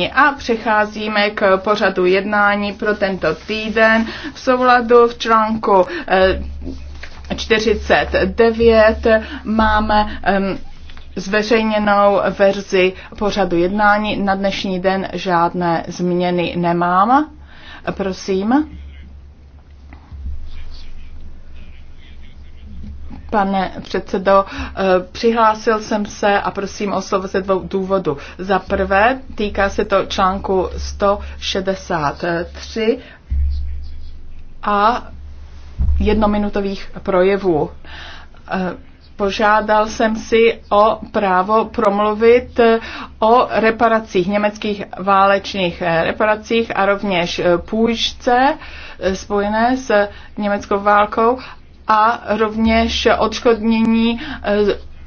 všichni. A přecházíme k pořadu jednání pro tento týden v souladu v článku 49 eh, máme ehm, zveřejněnou verzi pořadu jednání. Na dnešní den žádné změny nemám. Prosím. Pane předsedo, eh, přihlásil jsem se a prosím o slovo ze dvou důvodů. Za prvé týká se to článku 163 a jednominutových projevů. Eh, požádal jsem si o právo promluvit eh, o reparacích, německých válečných reparacích a rovněž půjčce spojené s německou válkou a rovněž odškodnění e,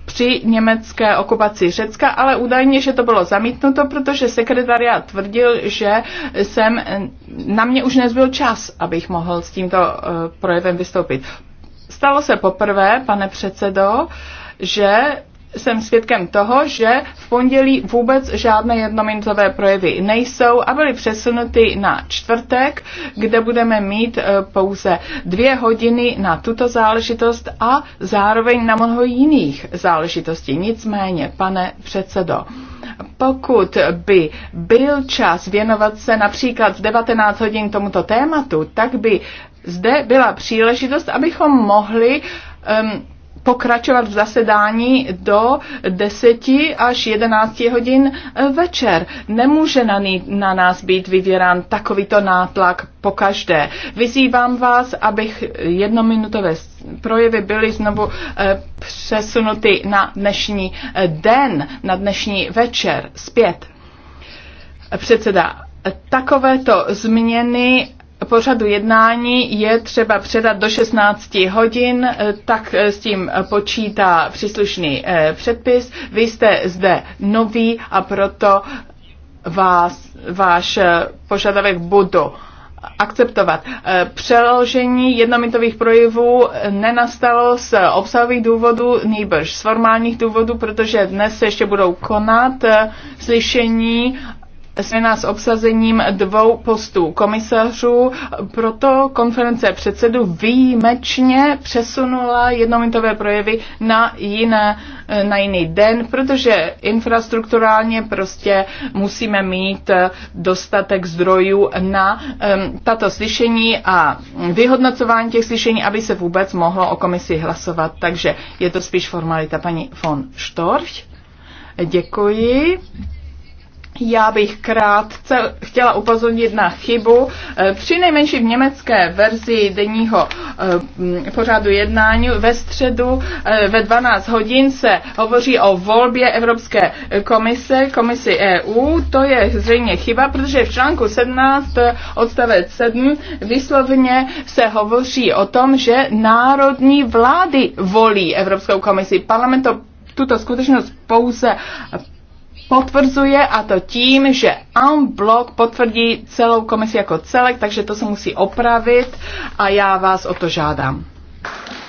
při německé okupaci Řecka, ale údajně, že to bylo zamítnuto, protože sekretariat tvrdil, že jsem, e, na mě už nezbyl čas, abych mohl s tímto e, projevem vystoupit. Stalo se poprvé, pane předsedo, že jsem svědkem toho, že v pondělí vůbec žádné jednominutové projevy nejsou a byly přesunuty na čtvrtek, kde budeme mít eh, pouze dvě hodiny na tuto záležitost a zároveň na mnoho jiných záležitostí. Nicméně, pane předsedo, pokud by byl čas věnovat se například v 19 hodin tomuto tématu, tak by zde byla příležitost, abychom mohli um, pokračovat v zasedání do 10 až 11 hodin večer. Nemůže na, ní, na nás být vyvěrán takovýto nátlak pokaždé. Vyzývám vás, abych jednominutové projevy byly znovu eh, přesunuty na dnešní eh, den, na dnešní večer zpět. Předseda, takovéto změny pořadu jednání je třeba předat do 16 hodin, eh, tak eh, s tím počítá příslušný eh, předpis. Vy jste zde nový a proto vás, váš požadavek budu akceptovat. Přeložení jednomitových projevů nenastalo z obsahových důvodů, nejbrž z formálních důvodů, protože dnes se ještě budou konat slyšení jsme s obsazením dvou postů komisařů, proto konference předsedu výjimečně přesunula jednominutové projevy na, jiné, na jiný den, protože infrastrukturálně prostě musíme mít dostatek zdrojů na um, tato slyšení a vyhodnocování těch slyšení, aby se vůbec mohlo o komisi hlasovat. Takže je to spíš formalita paní von Storch. Děkuji. Já bych krátce chtěla upozornit na chybu. Eh, při nejmenší v německé verzi denního eh, mm, pořadu jednání ve středu eh, ve 12 hodin se hovoří o volbě Evropské komise, komisi EU. To je zřejmě chyba, protože v článku 17 odstavec 7 vyslovně se hovoří o tom, že národní vlády volí Evropskou komisi. Parlament to tuto skutečnost pouze potvrzuje a to tím, že en blok potvrdí celou komisi jako celek, takže to se musí opravit a já vás o to žádám.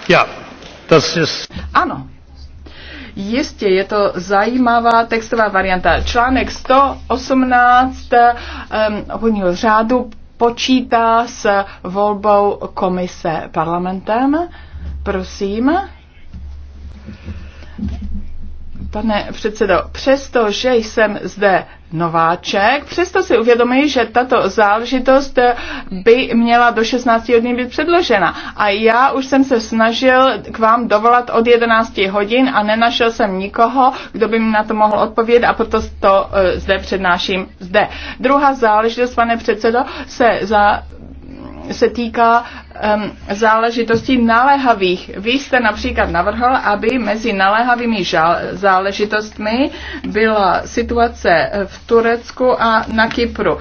Ja, das ist... Ano. Jistě je to zajímavá textová varianta. Článek 118 um, obvodního řádu počítá s volbou komise parlamentem. Prosím. Pane předsedo, přesto, že jsem zde nováček, přesto si uvědomuji, že tato záležitost by měla do 16 hodin být předložena. A já už jsem se snažil k vám dovolat od 11 hodin a nenašel jsem nikoho, kdo by mi na to mohl odpovědět a proto to eh, zde přednáším zde. Druhá záležitost, pane předsedo, se za se týká um, záležitostí naléhavých. Vy jste například navrhl, aby mezi naléhavými žal, záležitostmi byla situace v Turecku a na Kypru.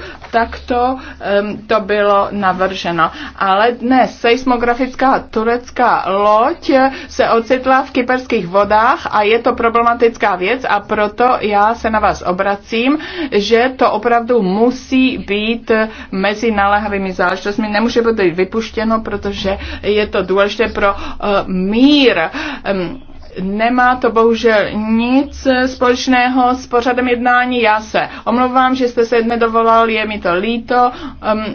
to, um, to bylo navrženo. Ale dnes seismografická turecká loď se ocitla v kyperských vodách a je to problematická věc a proto já se na vás obracím, že to opravdu musí být mezi naléhavými záležitostmi. Nemůže být vypuštěno protože je to důležité pro eh, mír nemá to bohužel nic společného s pořadem jednání. Já se omlouvám, že jste se nedovolal, je mi to líto.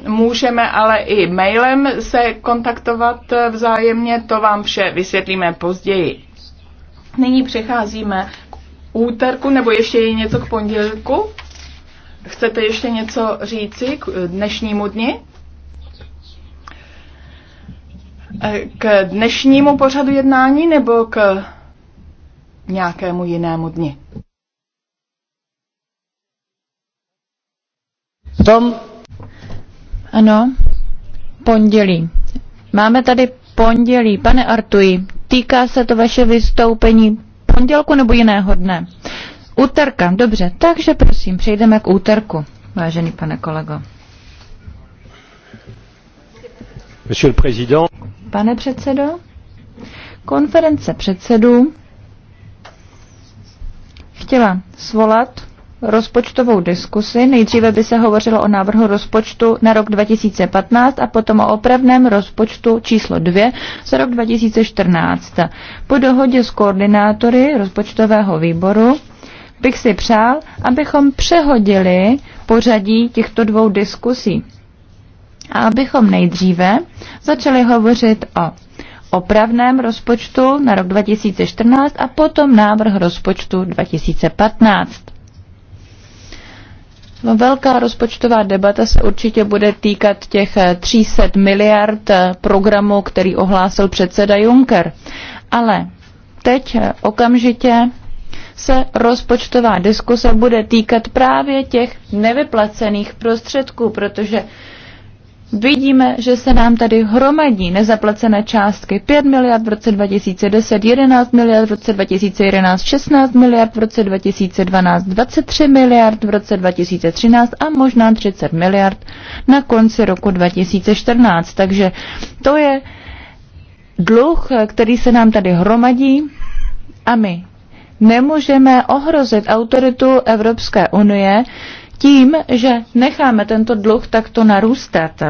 Můžeme ale i mailem se kontaktovat vzájemně, to vám vše vysvětlíme později. Nyní přecházíme k úterku, nebo ještě je něco k pondělku? Chcete ještě něco říci k dnešnímu dni? Eh, k dnešnímu pořadu jednání nebo k nějakému jinému dni? Tom? Ano, pondělí. Máme tady pondělí. Pane Artuji, týká se to vaše vystoupení pondělku nebo jiného dne? Úterka, dobře. Takže prosím, přejdeme k úterku, vážený pane kolego. Monsieur le Président. Pane předsedo, konference předsedů chtěla svolat rozpočtovou diskusi. Nejdříve by se hovořilo o návrhu rozpočtu na rok 2015 a potom o opravném rozpočtu číslo 2 za rok 2014. Po dohodě s koordinátory rozpočtového výboru bych si přál, abychom přehodili pořadí těchto dvou diskusí a abychom nejdříve začali hovořit o opravném rozpočtu na rok 2014 a potom návrh rozpočtu 2015. No, velká rozpočtová debata se určitě bude týkat těch 300 eh, miliard eh, programů, který ohlásil předseda Juncker. Ale teď eh, okamžitě se rozpočtová diskuse bude týkat právě těch nevyplacených prostředků, protože Vidíme, že se nám tady hromadí nezaplacené částky 5 miliard v roce 2010, 11 miliard v roce 2011, 16 miliard v roce 2012, 23 miliard v roce 2013 a možná 30 miliard na konci roku 2014. Takže to je dluh, který se nám tady hromadí a my nemůžeme ohrozit autoritu Evropské unie tím, že necháme tento dluh takto narůstat.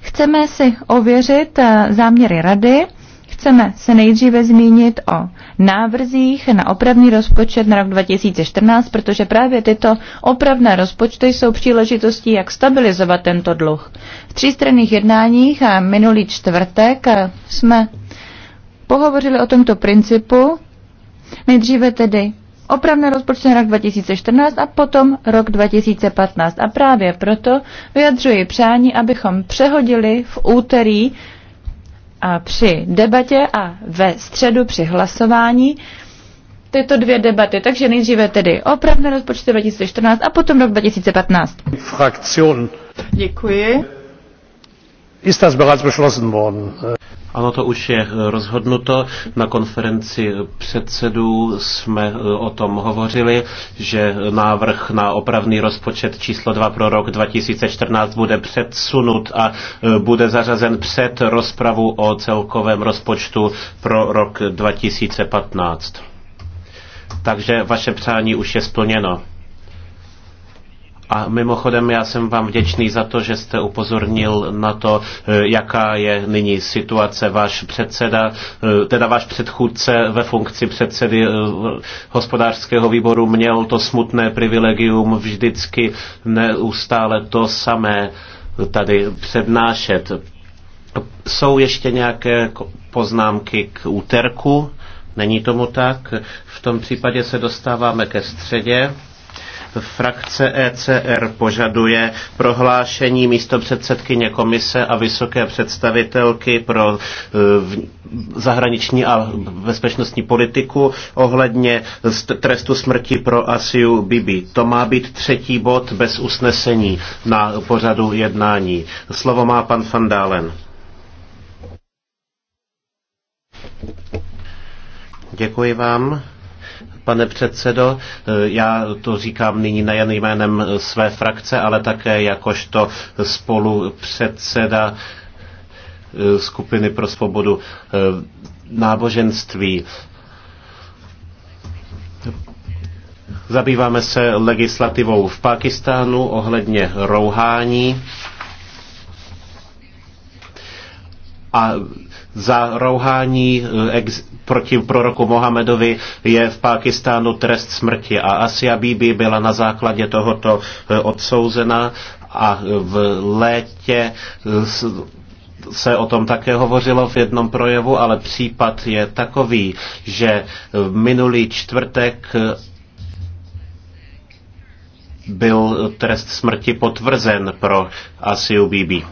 Chceme si ověřit eh, záměry rady, chceme se nejdříve zmínit o návrzích na opravný rozpočet na rok 2014, protože právě tyto opravné rozpočty jsou příležitostí, jak stabilizovat tento dluh. V třístranných jednáních a eh, minulý čtvrtek eh, jsme pohovořili o tomto principu, nejdříve tedy opravné rozpočty na rok 2014 a potom rok 2015. A právě proto vyjadřuji přání, abychom přehodili v úterý a při debatě a ve středu při hlasování tyto dvě debaty. Takže nejdříve tedy opravné rozpočty 2014 a potom rok 2015. Fraktion. Děkuji. Ist das bereits beschlossen worden? Ano, to už je eh, rozhodnuto. Na konferenci předsedů jsme eh, o tom hovořili, že návrh na opravný rozpočet číslo 2 pro rok 2014 bude předsunut a eh, bude zařazen před rozpravu o celkovém rozpočtu pro rok 2015. Takže vaše přání už je splněno. A mimochodem já jsem vám vděčný za to, že jste upozornil na to, eh, jaká je nyní situace. Váš předseda, eh, teda váš předchůdce ve funkci předsedy eh, hospodářského výboru měl to smutné privilegium vždycky neustále to samé tady přednášet. Jsou ještě nějaké poznámky k úterku? Není tomu tak. V tom případě se dostáváme ke středě. Frakce ECR požaduje prohlášení místo předsedkyně komise a vysoké představitelky pro e, zahraniční a bezpečnostní politiku ohledně trestu smrti pro Asiu Bibi. To má být třetí bod bez usnesení na pořadu jednání. Slovo má pan Fandálen. Děkuji vám pane předsedo. Eh, já to říkám nyní nejen jménem své frakce, ale také jakožto spolu předseda eh, skupiny pro svobodu eh, náboženství. Zabýváme se legislativou v Pakistánu ohledně rouhání. A za rouhání eh, ex, proti proroku Mohamedovi je v Pákistánu trest smrti a Asia Bibi byla na základě tohoto eh, odsouzena a v létě eh, se o tom také hovořilo v jednom projevu, ale případ je takový, že minulý čtvrtek byl trest smrti potvrzen pro Asiu Bibi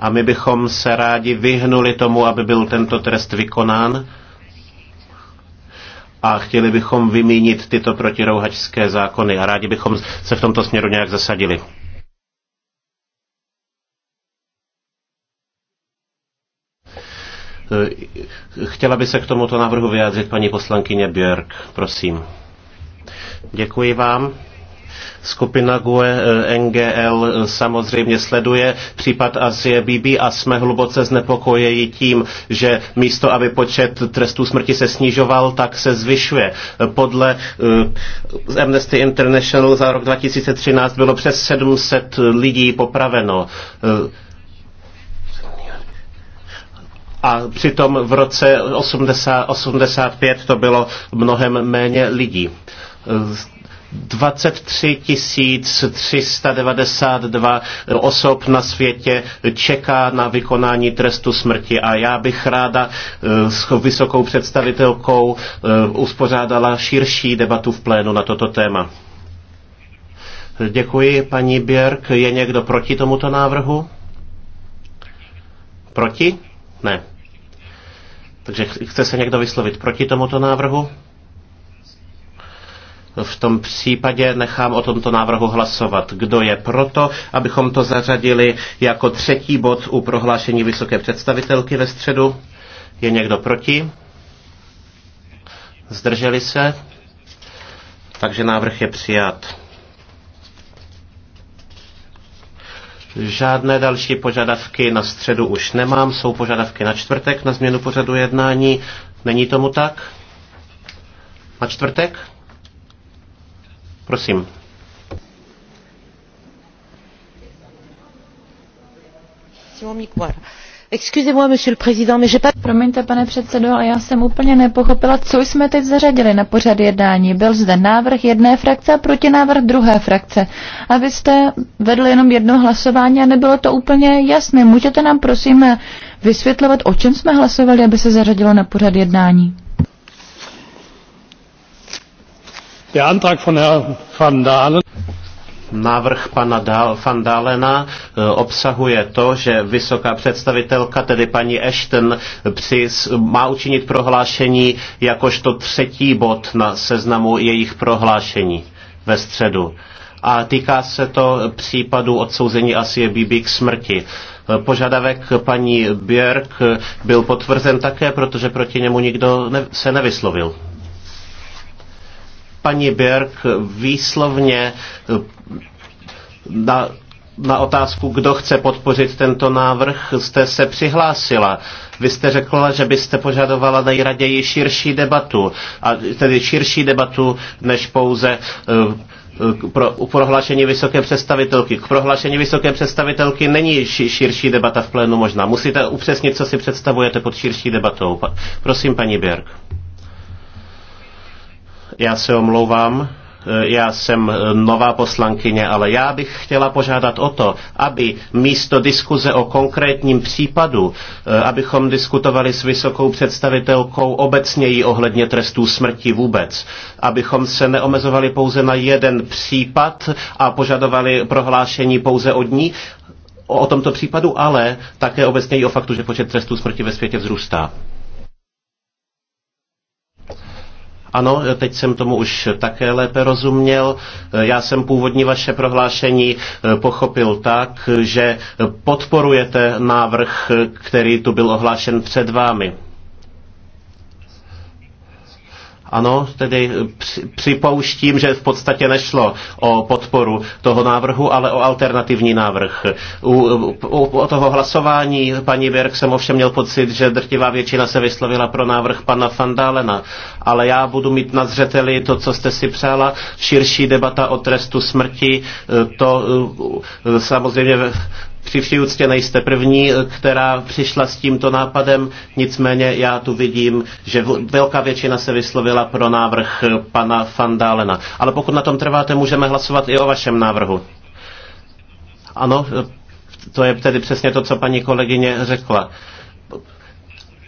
a my bychom se rádi vyhnuli tomu, aby byl tento trest vykonán a chtěli bychom vymínit tyto protirouhačské zákony a rádi bychom se v tomto směru nějak zasadili. Chtěla by se k tomuto návrhu vyjádřit paní poslankyně Björk, prosím. Děkuji vám. Skupina GUE eh, NGL eh, samozřejmě sleduje případ Asie Bibi a jsme hluboce znepokojeni tím, že místo, aby počet trestů smrti se snižoval, tak se zvyšuje. Podle eh, Amnesty International za rok 2013 bylo přes 700 lidí popraveno. a přitom v roce 80, 85 to bylo mnohem méně lidí. 23 392 osob na světě čeká na vykonání trestu smrti a já bych ráda eh, s vysokou představitelkou eh, uspořádala širší debatu v plénu na toto téma. Děkuji, paní Běrk. Je někdo proti tomuto návrhu? Proti? Ne. Takže chce se někdo vyslovit proti tomuto návrhu? V tom případě nechám o tomto návrhu hlasovat. Kdo je proto, abychom to zařadili jako třetí bod u prohlášení vysoké představitelky ve středu? Je někdo proti? Zdrželi se? Takže návrh je přijat. Žádné další požadavky na středu už nemám. Jsou požadavky na čtvrtek na změnu pořadu jednání. Není tomu tak? Na čtvrtek? Prosím. Promiňte, pane předsedo, ale já jsem úplně nepochopila, co jsme teď zařadili na pořad jednání. Byl zde návrh jedné frakce a protinávrh druhé frakce. A vy jste vedli jenom jedno hlasování a nebylo to úplně jasné. Můžete nám prosím vysvětlovat, o čem jsme hlasovali, aby se zařadilo na pořad jednání? návrh pana Van Dalena eh, obsahuje to, že vysoká představitelka, tedy paní Ashton, má učinit prohlášení jakožto třetí bod na seznamu jejich prohlášení ve středu. A týká se to případu odsouzení Asie Bibi k smrti. Eh, požadavek paní Björk eh, byl potvrzen také, protože proti němu nikdo se nevyslovil paní Björk výslovně eh, na, na otázku, kdo chce podpořit tento návrh, jste se přihlásila. Vy jste řekla, že byste požadovala nejraději širší debatu, a tedy širší debatu než pouze eh, eh, pro, prohlášení vysoké představitelky. K prohlášení vysoké představitelky není širší debata v plénu možná. Musíte upřesnit, co si představujete pod širší debatou. prosím, paní Běrk. Já se omlouvám, eh, já jsem eh, nová poslankyně, ale já bych chtěla požádat o to, aby místo diskuze o konkrétním případu, eh, abychom diskutovali s vysokou představitelkou obecněji ohledně trestů smrti vůbec, abychom se neomezovali pouze na jeden případ a požadovali prohlášení pouze od ní, o tomto případu, ale také obecně i o faktu, že počet trestů smrti ve světě vzrůstá. Ano, teď jsem tomu už také lépe rozuměl. Já jsem původní vaše prohlášení eh, pochopil tak, že podporujete návrh, který tu byl ohlášen před vámi. Ano, tedy eh, připouštím, že v podstatě nešlo o podporu toho návrhu, ale o alternativní návrh. U, u, u toho hlasování paní Berg jsem ovšem měl pocit, že drtivá většina se vyslovila pro návrh pana Fandálena, ale já budu mít na zřeteli to, co jste si přála, širší debata o trestu smrti, eh, to eh, samozřejmě při vší úctě nejste první, eh, která přišla s tímto nápadem, nicméně já tu vidím, že velká většina se vyslovila pro návrh eh, pana Fandálena. Ale pokud na tom trváte, můžeme hlasovat i o vašem návrhu. Ano, eh, to je tedy přesně to, co paní kolegyně řekla.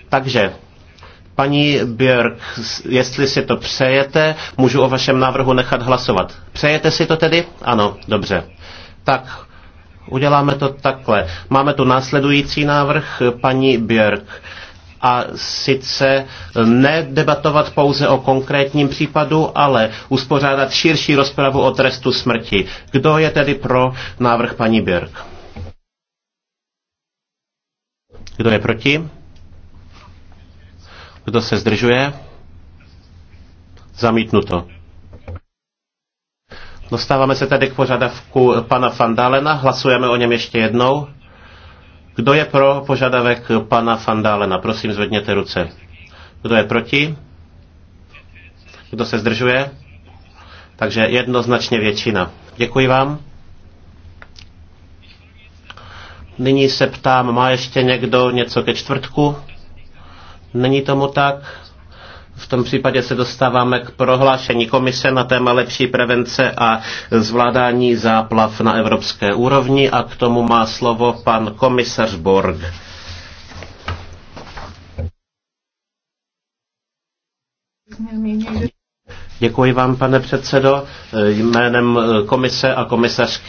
Takže Paní Björk, jestli si to přejete, můžu o vašem návrhu nechat hlasovat. Přejete si to tedy? Ano, dobře. Tak Uděláme to takhle. Máme tu následující návrh eh, paní Björk a sice eh, nedebatovat pouze o konkrétním případu, ale uspořádat širší rozpravu o trestu smrti. Kdo je tedy pro návrh paní Björk? Kdo je proti? Kdo se zdržuje? Zamítnuto. Dostáváme se tedy k požadavku pana Fandálena. Hlasujeme o něm ještě jednou. Kdo je pro požadavek pana Fandálena? Prosím, zvedněte ruce. Kdo je proti? Kdo se zdržuje? Takže jednoznačně většina. Děkuji vám. Nyní se ptám, má ještě někdo něco ke čtvrtku? Není tomu tak? V tom případě se dostáváme k prohlášení komise na téma lepší prevence a zvládání záplav na evropské úrovni a k tomu má slovo pan komisař Borg. Děkuji vám, pane předsedo. Jménem komise a komisařky